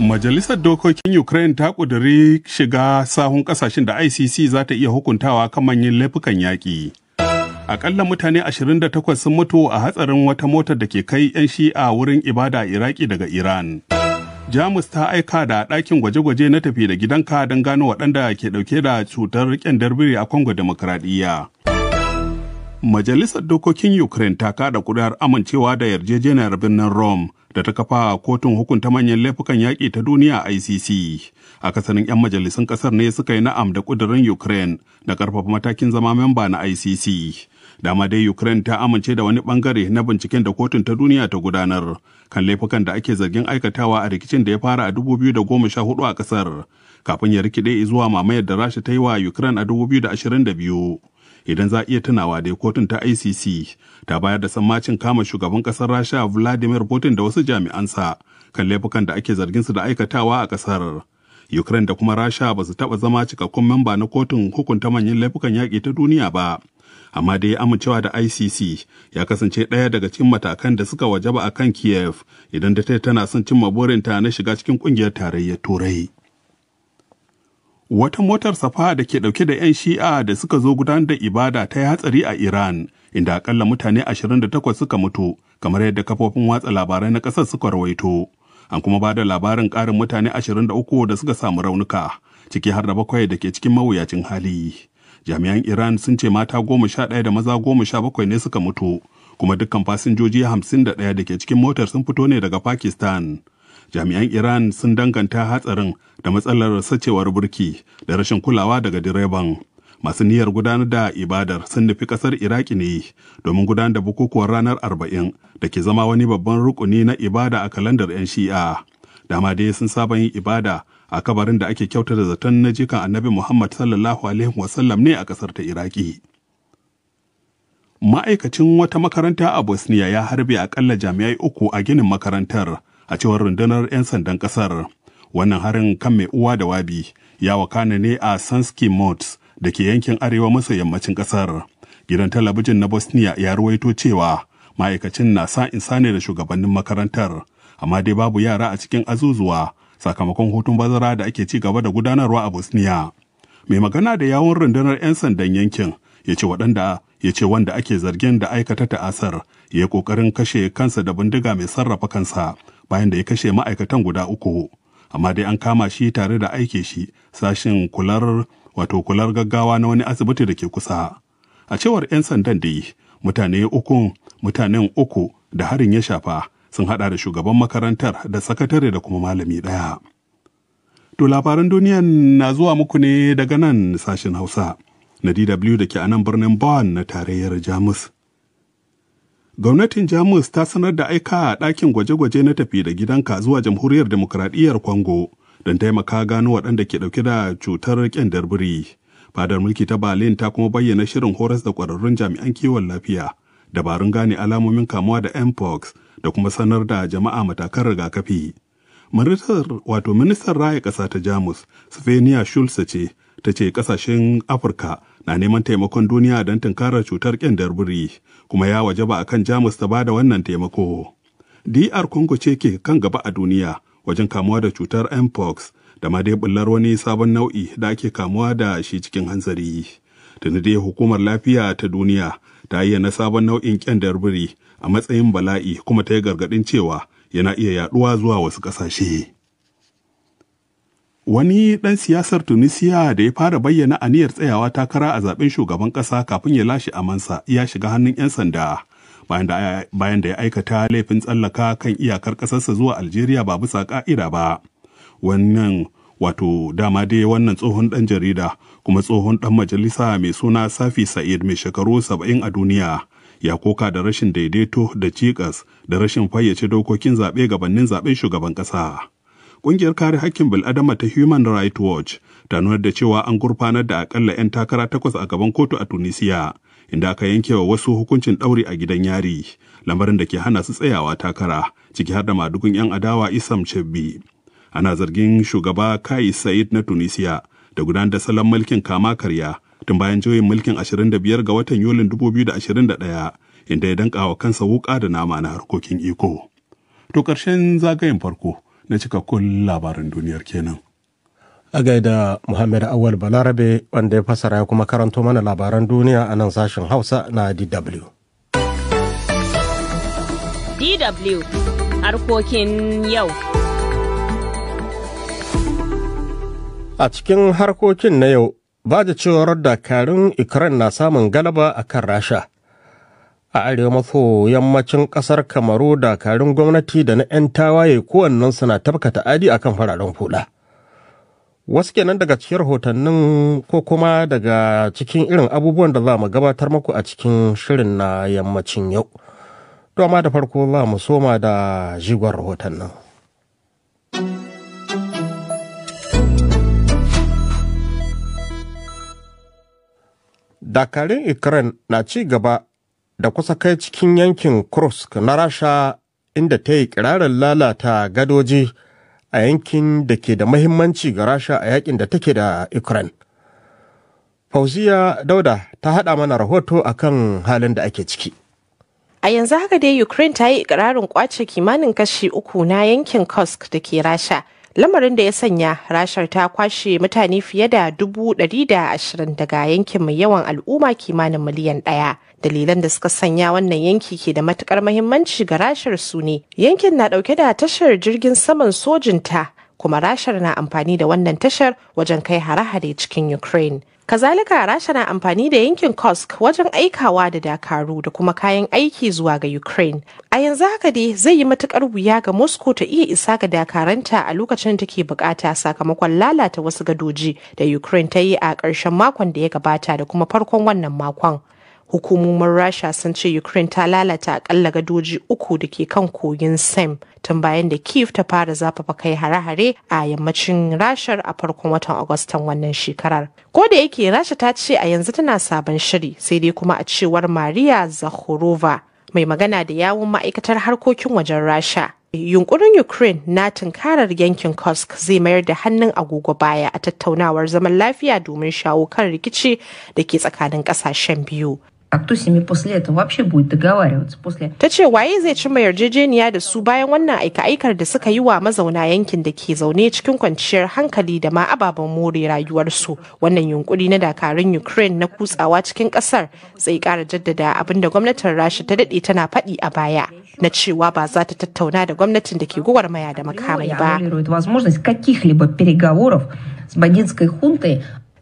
Majalisar Dokokin Ukraine ta ƙudiri shiga sahun ƙasashen da ICC za ta iya hukuntawa kan manyan laifukan yaƙi. akalla mutane 28 sun mutu a hatsarin wata motar da ke kai 'yan shi'a wurin ibada Iraki daga Iran. Jamus ta aika da ɗakin gwaje-gwaje na tafi da gidanka don gano waɗanda ke ɗauke da cutar ƙyandar biri a Kongo Demokradiyya. Majalisar Dokokin Ukraine ta kada kudar amincewa da yarjejeniyar birnin Rome da ta kafa kotun hukunta manyan laifukan yaƙi ta duniya ICC. a Akasarin 'yan majalisun ƙasar ne suka yi na'am da ƙudurin Ukraine da ƙarfafa matakin zama memba na ICC. Dama dai Ukraine ta amince da wani bangare na binciken da kotun ta duniya ta gudanar kan laifukan da ake zargin aikatawa a rikicin da ya fara a hudu a ƙasar kafin ya rikide zuwa mamayar da Rasha ta yi wa Ukraine a biyu. idan za a iya tunawa dai kotun ta ICC ta bayar da sammacin kama shugaban kasar Rasha Vladimir Putin da wasu jami'ansa kan laifukan da ake zargin su da aikatawa a kasar. Ukraine da kuma Rasha ba su taɓa zama cikakkun memba na kotun hukunta manyan laifukan yaƙi ta duniya ba. Amma dai amincewa da ICC ya kasance ɗaya daga cikin matakan da suka wajaba a kan Kiev idan da tana son cimma burinta na shiga cikin ƙungiyar tarayyar Turai. Wata motar safa da ke dauke da 'yan shi'a da suka zo gudanar da ibada ta yi hatsari a Iran, inda akalla mutane ashirin da 28 suka mutu, kamar yadda kafofin watsa labarai na ƙasar suka rawaito. An kuma ba da labarin ƙarin mutane 23 da suka samu raunuka, ciki har da bakwai da ke cikin mawuyacin hali. Jami'an Iran sun ce mata goma sha ɗaya da maza goma sha bakwai ne suka mutu, kuma dukkan fasinjoji hamsin da ɗaya da ke cikin motar sun fito ne daga Pakistan. jami'an iran sun danganta hatsarin da matsalar sacewar burki da rashin kulawa daga direban masu niyyar gudanar da ibadar sun nufi ƙasar iraki ne domin gudanar da bukukuwan ranar arba'in da ke zama wani babban rukuni na ibada a kalandar 'yan shi'a dama dai sun saba yin ibada a kabarin da ake da zaton na jikan annabi muhammad sallallahu alaihi wasallam ne a ƙasar ta iraki ma'aikacin wata makaranta a bosnia ya harbe akalla jami'ai uku a ginin makarantar a cewar rundunar 'yan sandan ƙasar. Wannan harin kan mai uwa da wabi ya wakana ne a Sanski Mods da ke yankin arewa maso yammacin ƙasar. Gidan talabijin na Bosnia ya ruwaito cewa ma'aikacin na sa insa ne da shugabannin makarantar, amma dai babu yara a cikin azuzuwa sakamakon hutun bazara da ake ci gaba da gudanarwa a Bosnia. Mai magana da yawon rundunar 'yan sandan yankin ya ce waɗanda ya ce wanda ake zargin da aikata ta'asar ya yi ƙoƙarin kashe kansa da bindiga mai sarrafa kansa bayan da ya kashe ma'aikatan guda uku amma dai an kama shi tare da aike shi sashin kular wato kular gaggawa na wani asibiti da ke kusa a cewar 'yan sandan dai mutane uku mutanen uku da harin ya shafa sun hada da shugaban makarantar da sakatare da kuma malami daya to labaran duniyan na zuwa muku ne daga nan sashin hausa na dw da ke a birnin bawan na tarayyar jamus Gwamnatin Jamus ta sanar da aika a ɗakin gwaje-gwaje na tafi da gidanka zuwa Jamhuriyar demokradiyyar Kongo don taimaka gano waɗanda ke ɗauke da cutar ƙyandar biri. Fadar mulki ta Berlin ta kuma bayyana shirin horas da ƙwararrun jami'an kiwon lafiya, dabarun gane alamomin kamuwa da mpox da kuma sanar da jama'a matakan rigakafi. Ministar wato ministan raya ƙasa ta Jamus, Svenia Schulze ce, ta ce ƙasashen Afirka na neman taimakon duniya don tunkarar cutar kyandar biri kuma ya wajaba a kan jamus ta ba da wannan taimako dr congo ce ke kan gaba a duniya wajen kamuwa da cutar mpox da ma dai bullar wani sabon nau'i da ake kamuwa da shi cikin hanzari tuni dai hukumar lafiya ta duniya ta na sabon nau'in kyandar biri a matsayin bala'i kuma ta yi gargaɗin cewa yana iya yaɗuwa zuwa wasu ƙasashe. Wani ɗan siyasar Tunisiya da ya fara bayyana aniyar tsayawa takara a zaben shugaban ƙasa kafin ya lashe amansa ya shiga hannun 'yan sanda bayan da ya aikata laifin tsallaka kan iyakar ƙasarsa zuwa Algeria ba bisa ƙa'ida ba. Wannan wato dama dai wannan tsohon ɗan jarida kuma tsohon ɗan majalisa mai suna safi sa'id mai shekaru saba'in a duniya ya koka da rashin daidaito da cikas da rashin fayyace dokokin zaɓe gabanin zaɓen shugaban ƙasa Ƙungiyar kare hakkin bil'adama ta Human Rights Watch ta nuna da cewa an gurfanar da akalla 'yan takara takwas a gaban kotu a Tunisiya, inda aka yanke wa wasu hukuncin ɗauri a gidan yari, lamarin da ke hana su tsayawa takara, ciki har da madugun 'yan adawa Isam Chebbi. Ana zargin shugaba Kai Said na Tunisiya da gudanar da salon mulkin kama karya tun bayan juyin mulkin 25 ga watan Yulin 2021 inda ya danka wa kansa wuƙa da nama na harkokin iko. To ƙarshen zagayen farko na cikakkun labarin duniyar kenan. A gaida Muhammad Awal Balarabe wanda ya fasara ya kuma karanto mana labaran duniya a nan sashen Hausa na DW. DW harkokin yau. A cikin harkokin na yau, ba da cewar dakarun Ukraine na samun galaba a kan Rasha. a arewa maso yammacin kasar kamaru dakarun gwamnati da na 'yan tawaye kowannen suna tabka ta'adi kan fararen hula wasu kenan daga cikin rahotannin ko kuma daga cikin irin abubuwan da za mu gabatar muku a cikin shirin na yammacin yau dama da farko za mu soma da jigon rahotannin dakarun ukraine na ci gaba da kusa kai cikin yankin kursk na rasha inda ta yi kirarin lalata gadoji a yankin da ke da mahimmanci ga rasha a yakin da take da ukraine fauziya dauda ta haɗa mana rahoto a kan halin da ake ciki A yanzu haka dai Ukraine ta yi ikirarin kwace kimanin kashi uku na yankin Kursk da ke Rasha lamarin da ya sanya rashar ta kwashe mutane fiye da dubu ɗari da ashirin daga yankin mai yawan al'umma kimanin miliyan ɗaya dalilan da suka sanya wannan yanki ke da matukar mahimmanci ga rashar su ne yankin na dauke da tashar jirgin saman sojinta kuma rashar na amfani da wannan tashar wajen kai hare-hare cikin ukraine Kazalika Rasha na amfani da yankin Kursk wajen aikawa da dakaru da kuma kayan aiki zuwa ga Ukraine. A yanzu haka dai zai yi matukar wuya ga Moscow ta iya isa ga dakaranta a lokacin da take bukata sakamakon lalata wasu gadoji da Ukraine ta yi a ƙarshen makon da ya gabata da kuma farkon wannan makon. hukumomin rasha sun ce ukraine ta lalata akalla gadoji uku da ke kan kogin sem tun bayan da kiev ta fara zafafa kai hare-hare a yammacin rashar a farkon watan agustan wannan shekarar ko da yake rasha ta ce a yanzu tana sabon shiri sai dai kuma a cewar maria zakhorova mai magana da yawun ma'aikatar harkokin wajen rasha yunkurin ukraine na tunkarar yankin kursk zai mayar da hannun agogo baya a tattaunawar zaman lafiya domin shawo kan rikici da ke tsakanin kasashen biyu А кто Ta ce waye zai cimma yarjejeniya da su bayan wannan aika-aikar da suka yi wa mazauna yankin da ke zaune cikin kwanciyar hankali da ma ababen more rayuwarsu. Wannan yunƙuri na dakarun Ukraine na kutsawa cikin ƙasar zai kara jaddada abin da gwamnatin Rasha ta daɗe tana faɗi a baya. Na cewa ba za ta tattauna da gwamnatin da ke gwagwarmaya da makamai ba. Возможность каких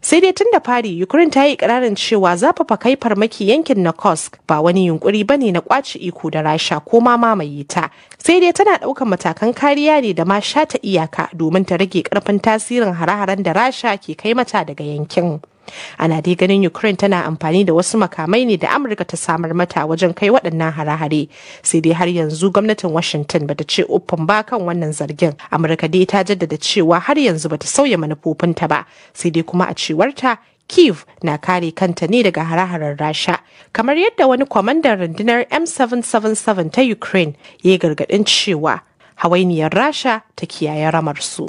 sai dai tun da fari ukraine ta yi ikirarin cewa zafafa kai farmaki yankin na kursk ba wani yunkuri ba ne na kwaci iko da rasha ko ma mamaye ta sai dai tana daukan matakan kariya ne da ma shata iyaka domin ta rage karfin tasirin hare-haren da rasha ke kai mata daga yankin ana dai ganin ukraine tana amfani da wasu makamai ne da amurka ta samar mata wajen kai waɗannan hare-hare sai dai har yanzu gwamnatin washington bata ce uffin ba kan wannan zargin amurka dai ta jaddada cewa har yanzu bata sauya manufofinta ba sai dai kuma a cewarta Kiev na kare kanta ne daga hare-haren Rasha, kamar yadda wani kwamandan rundunar M777 ta Ukraine ya yi gargaɗin cewa hawainiyar Rasha ta kiyaye ramarsu.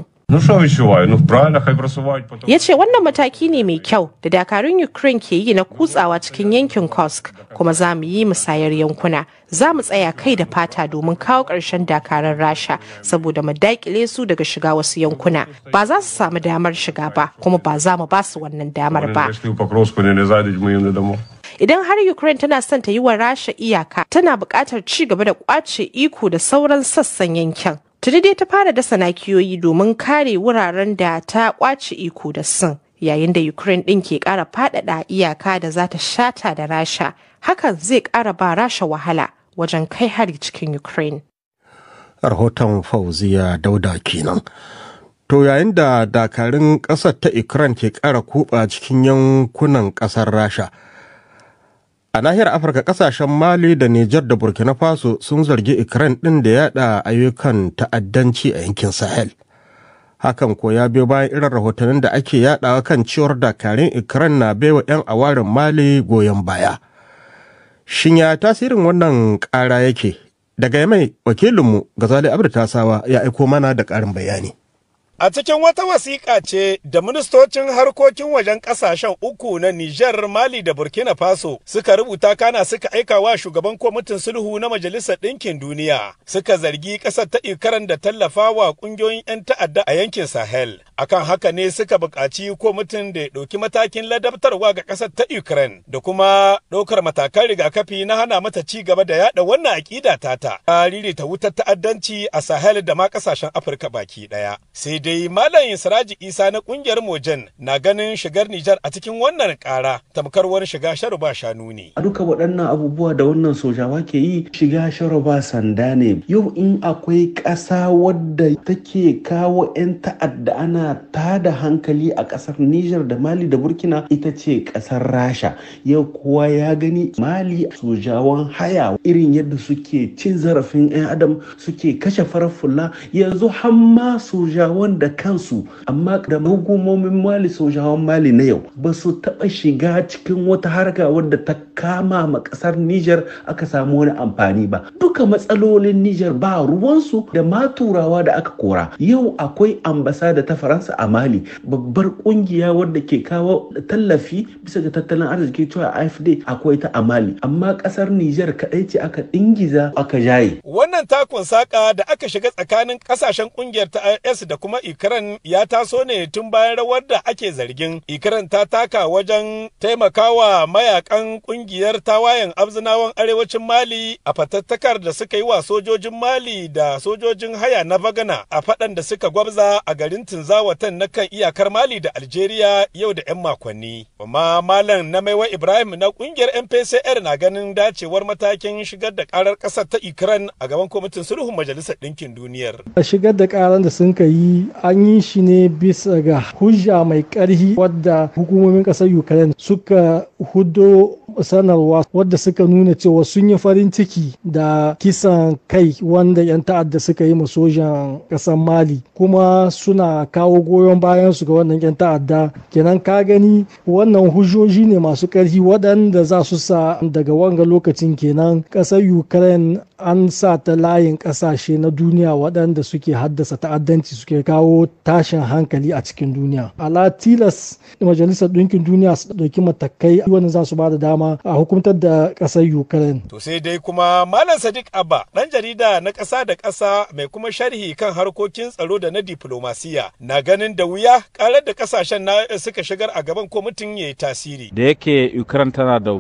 ya ce wannan mataki ne mai kyau da dakarun Ukraine ke yi na kutsawa cikin yankin Kursk kuma za mu yi musayar yankuna. Za mu tsaya kai da fata domin kawo ƙarshen dakarun Rasha saboda mu daƙile su daga shiga wasu yankuna. Ba za su samu damar shiga ba kuma ba za mu ba su wannan damar ba. idan har ukraine tana son ta yi wa rasha iyaka tana buƙatar ci gaba da kwace iko da sauran sassan yankin Tuni ta fara dasa nakiyoyi domin kare wuraren da ta kwace iko da Sin yayin da Ukraine ɗin ke ƙara faɗaɗa iyaka da za ta shata da Rasha. Hakan zai kara ba Rasha wahala wajen kai hari cikin Ukraine. Rahoton Fauziya Dauda kenan. To yayin da dakarun ƙasar ta Ukraine ke kara kuɓa cikin yankunan ƙasar Rasha, A nahiyar Afirka kasashen Mali da Nijar da Burkina Faso sun zargi Ukraine ɗin da yada ayyukan ta'addanci a yankin Sahel. Hakan ko ya biyo bayan irin rahotannin da ake yadawa kan cewar dakarun Ukraine na baiwa 'yan awarin Mali goyon baya. Shin ya tasirin wannan ƙara yake? Daga mai wakilinmu Gazali Abdu Tasawa ya aiko mana da ƙarin bayani. A cikin wata wasiƙa ce da ministocin harkokin wajen ƙasashen uku na Nijar, Mali da Burkina Faso suka rubuta kana suka aika wa shugaban kwamitin sulhu na Majalisar Ɗinkin Duniya suka zargi ƙasar ta ikaran da tallafa wa ƙungiyoyin 'yan ta'adda a yankin Sahel. akan haka ne suka buƙaci mutum da ya ɗauki matakin ladabtarwa ga ƙasar ta ukraine da kuma ɗaukar matakan rigakafi na hana mata ci gaba da yaɗa wannan aƙida ta. ta ririta wutar ta'addanci a sahel da ma ƙasashen afirka baki ɗaya sai dai malam siraji isa na ƙungiyar mojan na ganin shigar nijar a cikin wannan ƙara tamkar wani shiga sharu ba shanu ne a duka waɗannan abubuwa da wannan sojawa ke yi shiga sharu ba sanda ne yau in akwai ƙasa wadda take kawo 'yan ta'adda ana yana tada hankali a kasar Nijar da Mali da Burkina ita ce kasar Rasha yau kowa ya gani Mali sojawan haya irin yadda suke cin zarafin 'yan adam suke kashe farar fulla yanzu hamma sojawan da kansu amma da hukumomin Mali sojawan Mali na yau ba su taɓa shiga cikin wata harka wadda ta kama ma kasar Nijar aka samu wani amfani ba duka matsalolin Nijar ba ruwansu da ma turawa da aka kora yau akwai ambasada ta Faransa faransa a mali babbar kungiya wadda ke kawo tallafi bisa ga tattalin arziki cewa afd akwai ta a mali amma kasar niger kadai ce aka dingiza aka jaye wannan takun saka da aka shiga tsakanin kasashen kungiyar ta is da kuma ikran ya taso ne tun bayan rawar da ake zargin ikran ta taka wajen taimakawa mayakan kungiyar tawayen abzinawan arewacin mali a fatattakar da suka yi wa sojojin mali da sojojin haya na bagana a fadan da suka gwabza a garin tinzawa watan na kan iyakar Mali da Algeria yau da 'yan makonni. Amma malam na maiwa Ibrahim na kungiyar MPCR na ganin dacewar matakin shigar da karar ƙasar ta Ukraine a gaban kwamitin sulhun Majalisar Ɗinkin Duniyar. Shigar da karar da sun yi an yi shi ne bisa ga hujja mai ƙarhi wadda hukumomin ƙasar Ukraine suka hudo sanarwa wadda suka nuna cewa sun yi farin ciki da kisan kai wanda 'yan ta'adda suka yi sojan kasan mali kuma suna kawo goyon bayan su ga wannan 'yan ta'adda kenan ka gani wannan hujjoji ne masu ƙarfi waɗanda za su sa daga wanga lokacin kenan ƙasar ukraine an sa ta layin ƙasashe na duniya waɗanda suke haddasa ta'addanci suke kawo tashin hankali a cikin duniya ala tilas majalisar ɗinkin duniya su ɗauki matakai wani za su ba da dama a hukuntar da ƙasar Ukraine. To sai dai kuma Malam Sadiq Abba ɗan jarida na ƙasa da ƙasa mai kuma sharhi kan harkokin tsaro da na diplomasiya na ganin da wuya ƙarar da ƙasashen na suka shigar a gaban kwamitin ya yi tasiri. Da yake Ukraine tana da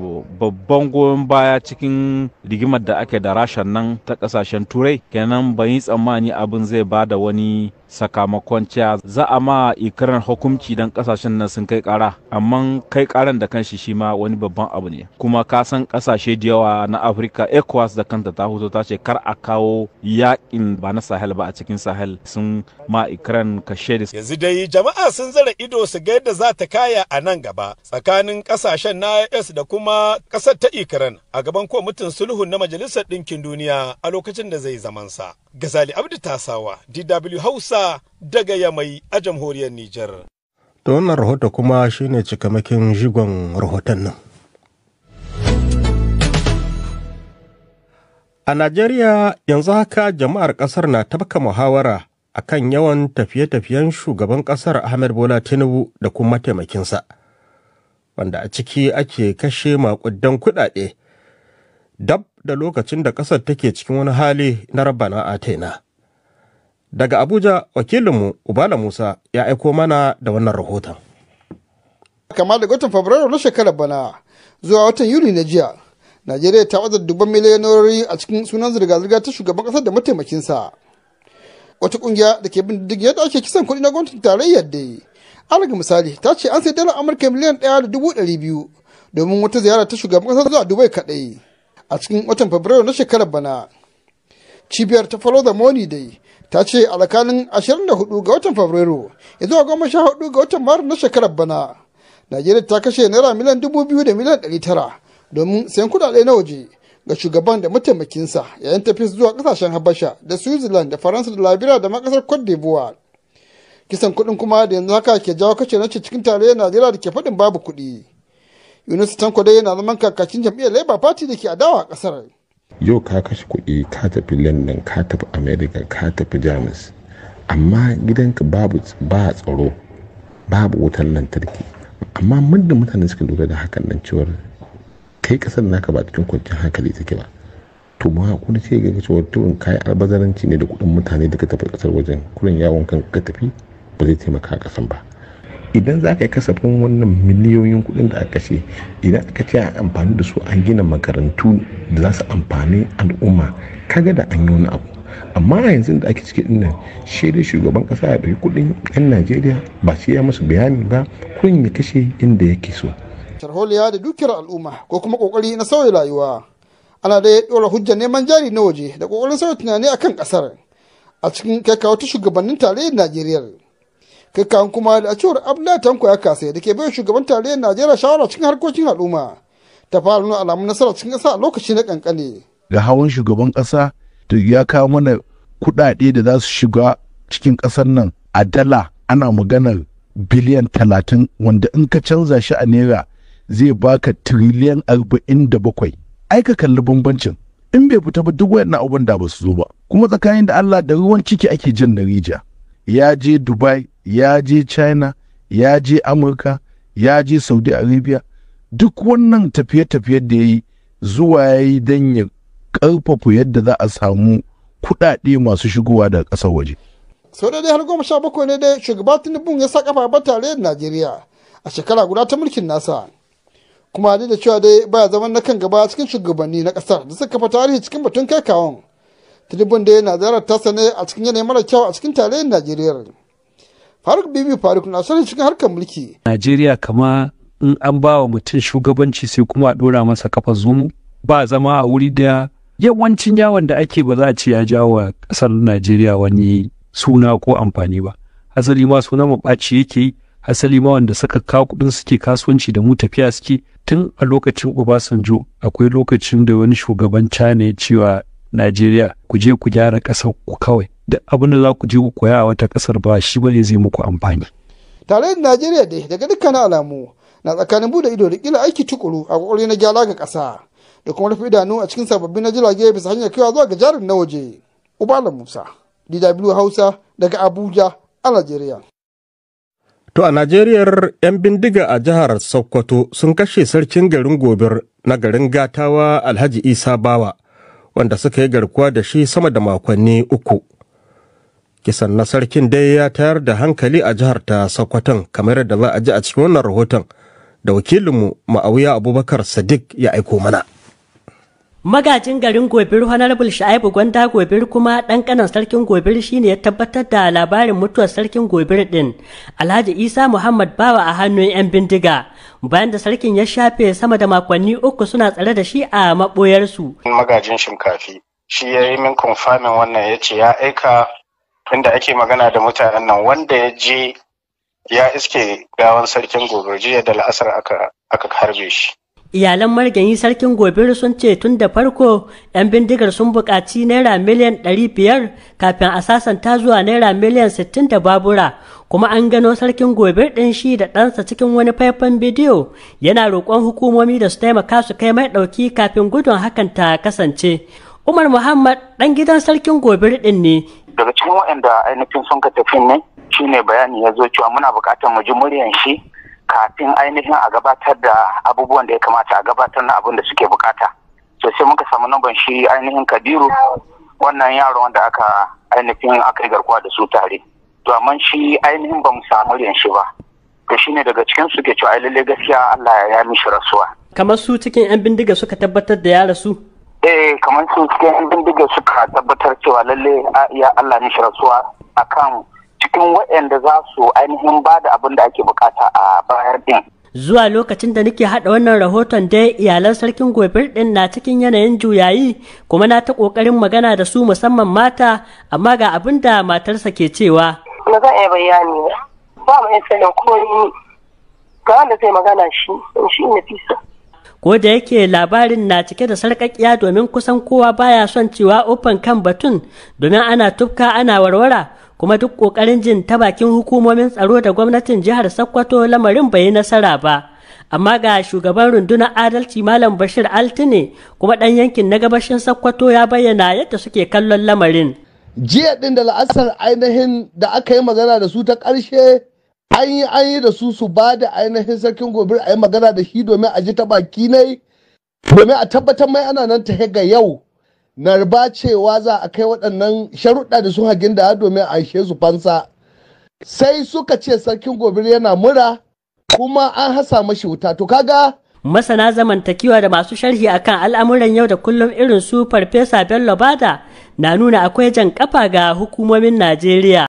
babban goyon baya cikin rigimar da ake da rashan nan ta ƙasashen Turai kenan ban yi tsammani abin zai ba da wani sakamakon cewa za a ma ikirar hukunci don kasashen nan sun kai kara amma kai karan da kanshi shi ma wani babban abu ne kuma ka san kasashe da yawa na afirka ecowas da kanta ta hoto ta ce kar a kawo yakin ba na sahel ba a cikin sahel sun ma ikirar kashe da yanzu dai jama'a sun zara ido su ga yadda za ta kaya a nan gaba tsakanin kasashen na es da kuma kasar ta ikiran a gaban kwamitin sulhu na majalisar ɗinkin duniya a lokacin da zai zamansa. Gazali Abdu Tasawa, DW Hausa daga Yamai a jamhuriyar Nijar. Ta wannan rahoto kuma shine cikamakin jigon rahoton nan. A Najeriya yanzu haka jama'ar ƙasar na tafka muhawara a kan yawan tafiye-tafiyen shugaban ƙasar Ahmed Bola Tinubu da kuma mataimakinsa, wanda a ciki ake kashe maƙudan kuɗaɗe. Dab da lokacin da ƙasar take cikin wani hali na a taina. Daga Abuja wakilinmu Ubala Musa ya aiko mana da wannan rahoton. Kama da watan Fabrairu na shekarar bana zuwa watan Yuli na jiya, Najeriya ta wadda dubban miliyanori a cikin sunan zirga-zirga ta shugaban ƙasar da mataimakinsa. Wata ƙungiya da ke bin diddigin yadda ake kisan kuɗi na gwamnatin tarayyar da, dai. Alaga misali ta ce an sai dalar Amurka miliyan ɗaya da dubu ɗari biyu domin wata ziyara ta shugaban ƙasar zuwa Dubai kaɗai. a cikin watan fabrairu na shekarar bana cibiyar ta follow the money dai ta ce a tsakanin 24 ga watan fabrairu ya zuwa goma sha hudu ga watan maris na shekarar bana najeriya ta kashe naira miliyan dubu biyu da miliyan ɗari tara domin sayan kuɗaɗe na waje ga shugaban da mataimakinsa yayin tafiyar zuwa kasashen habasha da switzerland da faransa da labira da makasar cote d'ivoire kisan kuɗin kuma da yanzu haka ke jawo kashe na cikin tarayyar najeriya da ke faɗin babu kuɗi Yunus Tanko dai yana zaman kakacin jam'iyyar Labour Party da ke adawa a kasar. Yau ka kashe kuɗi ka tafi London ka tafi America ka tafi Jamus amma gidanka babu ba tsaro babu wutar lantarki amma muddin mutane suka lura da hakan nan cewar kai kasar naka ba cikin kwanciyar hankali take ba to ma kuna ce ga cewa turin kayan albazaranci ne da kuɗin mutane da ka tafi kasar wajen kurin yawon kan ka tafi ba zai taimaka a kasan ba idan za ka yi kasafin wannan miliyoyin kuɗin da aka ce idan aka ce a amfani da su an gina makarantu da za su amfani al'umma kaga da an yi wani abu amma yanzu da ake ciki dinnan shaidar shugaban kasa ya ɗauki kuɗin 'yan najeriya ba shi ya masu bayani ba kuɗin ya kashe inda yake so tarholiya da dukiyar al'umma ko kuma kokari na sauya rayuwa ana da ya ɗora hujjar neman jari na waje da kokarin sauya tunani akan kasar a cikin kai kawo ta shugabannin tarayyar najeriya kakan kuma da cewar abdullahi tanko ya kasa da ke bai shugaban tarayyar najeriya shawara cikin harkokin al'umma ta fara nuna alamun nasara cikin ƙasa a lokaci na kankane ga hawan shugaban ƙasa to ya kawo mana kuɗaɗe da za su shiga cikin ƙasar nan a dala ana maganar biliyan talatin wanda in ka canza shi a naira zai baka tiriliyan arba'in da bakwai ai ka kalli bambancin in bai fita ba duk wayannan abubuwan da ba su zo ba kuma tsakanin da Allah da ruwan ciki ake jin narija. ya je Dubai ya je china ya je amurka ya je saudi arabia duk wannan tafiye-tafiye da ya yi zuwa ya yi don ya ƙarfafa yadda za a samu kuɗaɗe masu shigowa da ƙasar waje. sau da dai har goma sha bakwai ne dai shugaba tinubu ya sa kafa ba tare da najeriya a shekara guda ta mulkin nasa kuma dai da cewa dai baya zama na kan gaba cikin shugabanni na ƙasar da suka kafa tarihi cikin batun kai kawon tinubun dai na ziyarar tasa ne a cikin yanayi mara kyau a cikin tarayyar najeriya faruk bibi faruk na sanin cikin harkar mulki najeriya kama in an ba wa mutum shugabanci sai kuma a ɗora masa kafa zumu ba zama a wuri da yawancin yawon da ake ba za a ce ya jawo wa ƙasar najeriya wani suna ko amfani ba hasali ma suna maɓaci yake yi. hasali ma wanda suka kawo kuɗin suke kasuwanci da mu tafiya suke tun a lokacin obasanjo akwai lokacin da wani shugaban cana ya cewa najeriya ku je ku gyara ƙasar ku kawai da abin da za ku je ku koya a wata ƙasar ba shi bane zai muku amfani. tare da najeriya dai daga dukkan alamu na tsakanin bude ido da kila aiki tukuru a kokari na gyara ga ƙasa da kuma rufe idanu a cikin sababbin na jirage bisa hanyar kaiwa zuwa ga jarin na waje ubala musa dw hausa daga abuja a najeriya To a Najeriyar 'yan bindiga a jihar Sokoto sun kashe sarkin garin Gobir na garin Gatawa Alhaji Isa Bawa wanda suka yi garkuwa da shi sama da makonni uku. kisan na sarkin dai ya tayar da hankali a jihar ta sokoton kamar yadda za a ji a cikin wannan rahoton da wakilinmu ma'auya abubakar sadiq ya aiko mana magajin garin gobir honorable sha'ibu gwanda gobir kuma ɗan kanan sarkin gobir shine ya tabbatar da labarin mutuwar sarkin gobir din alhaji isa muhammad bawa a hannun 'yan bindiga bayan da sarkin ya shafe sama da makonni uku suna tsare da shi a maboyarsu magajin shinkafi shi ya yi min kumfamin wannan ya ce ya aika inda ake magana da mutanen nan wanda ya je ya iske gawan sarkin gobe jiya da la'asar aka harbe shi iyalan margayi sarkin gobe sun ce tun da farko 'yan bindigar sun buƙaci naira miliyan ɗari biyar kafin a sasanta zuwa naira miliyan sittin da babura kuma an gano sarkin gobe ɗin shi da ɗansa cikin wani faifan bidiyo yana roƙon hukumomi da su taimaka su kai mai ɗauki kafin gudun hakan ta kasance umar muhammad ɗan gidan sarkin gobir ɗin ne daga cikin waɗanda ainihin sun ka tafi ne shine bayani ya zo cewa muna buƙatar mu ji muryan shi kafin ainihin a gabatar da abubuwan da ya kamata a gabatar na abin da suke buƙata so sai muka samu naban shi ainihin kabiru wannan yaron wanda aka ainihin aka yi garkuwa da su tare to amma shi ainihin ba mu samu muryan shi ba to shine daga cikin su ke cewa ai lalle gaskiya Allah ya mishi rasuwa kamar su cikin yan bindiga suka tabbatar da ya rasu eh kamar sun cikin yan bindiga suka tabbatar cewa lalle ya Allah ne rasuwa a kan cikin waɗanda za su ainihin ba da abin da ake bukata a bayar din zuwa lokacin da nake haɗa wannan rahoton dai iyalan sarkin gobe ɗin na cikin yanayin juyayi kuma na ta ƙoƙarin magana da su musamman mata amma ga abin da matarsa ke cewa na za a yi bayani ba mu iya sanin ko ga wanda zai magana shi shi ne fisa ko da yake labarin na cike da sarƙaƙiya domin kusan kowa baya son cewa open kan batun domin ana tufka ana warwara kuma duk ƙoƙarin jin ta bakin hukumomin tsaro da gwamnatin jihar sokoto lamarin bai yi nasara ba amma ga shugaban rundunar adalci malam bashir altine kuma ɗan yankin na gabashin sokoto ya bayyana yadda suke kallon lamarin jiya ɗin da la'asar ainihin da aka yi magana da su ta ƙarshe an yi an yi da su su ba da ainihin sarkin gobe a yi magana da shi domin a ji ta baki ne domin a tabbatar mai ana nan ta ga yau narba cewa za a kai waɗannan sharuɗa da su hagin da domin a ishe su fansa sai suka ce sarkin gobe yana mura kuma an hasa mashi wuta to kaga masana zamantakewa da masu sharhi akan al'amuran yau da kullum irin su farfesa bello bada na nuna akwai jan kafa ga hukumomin najeriya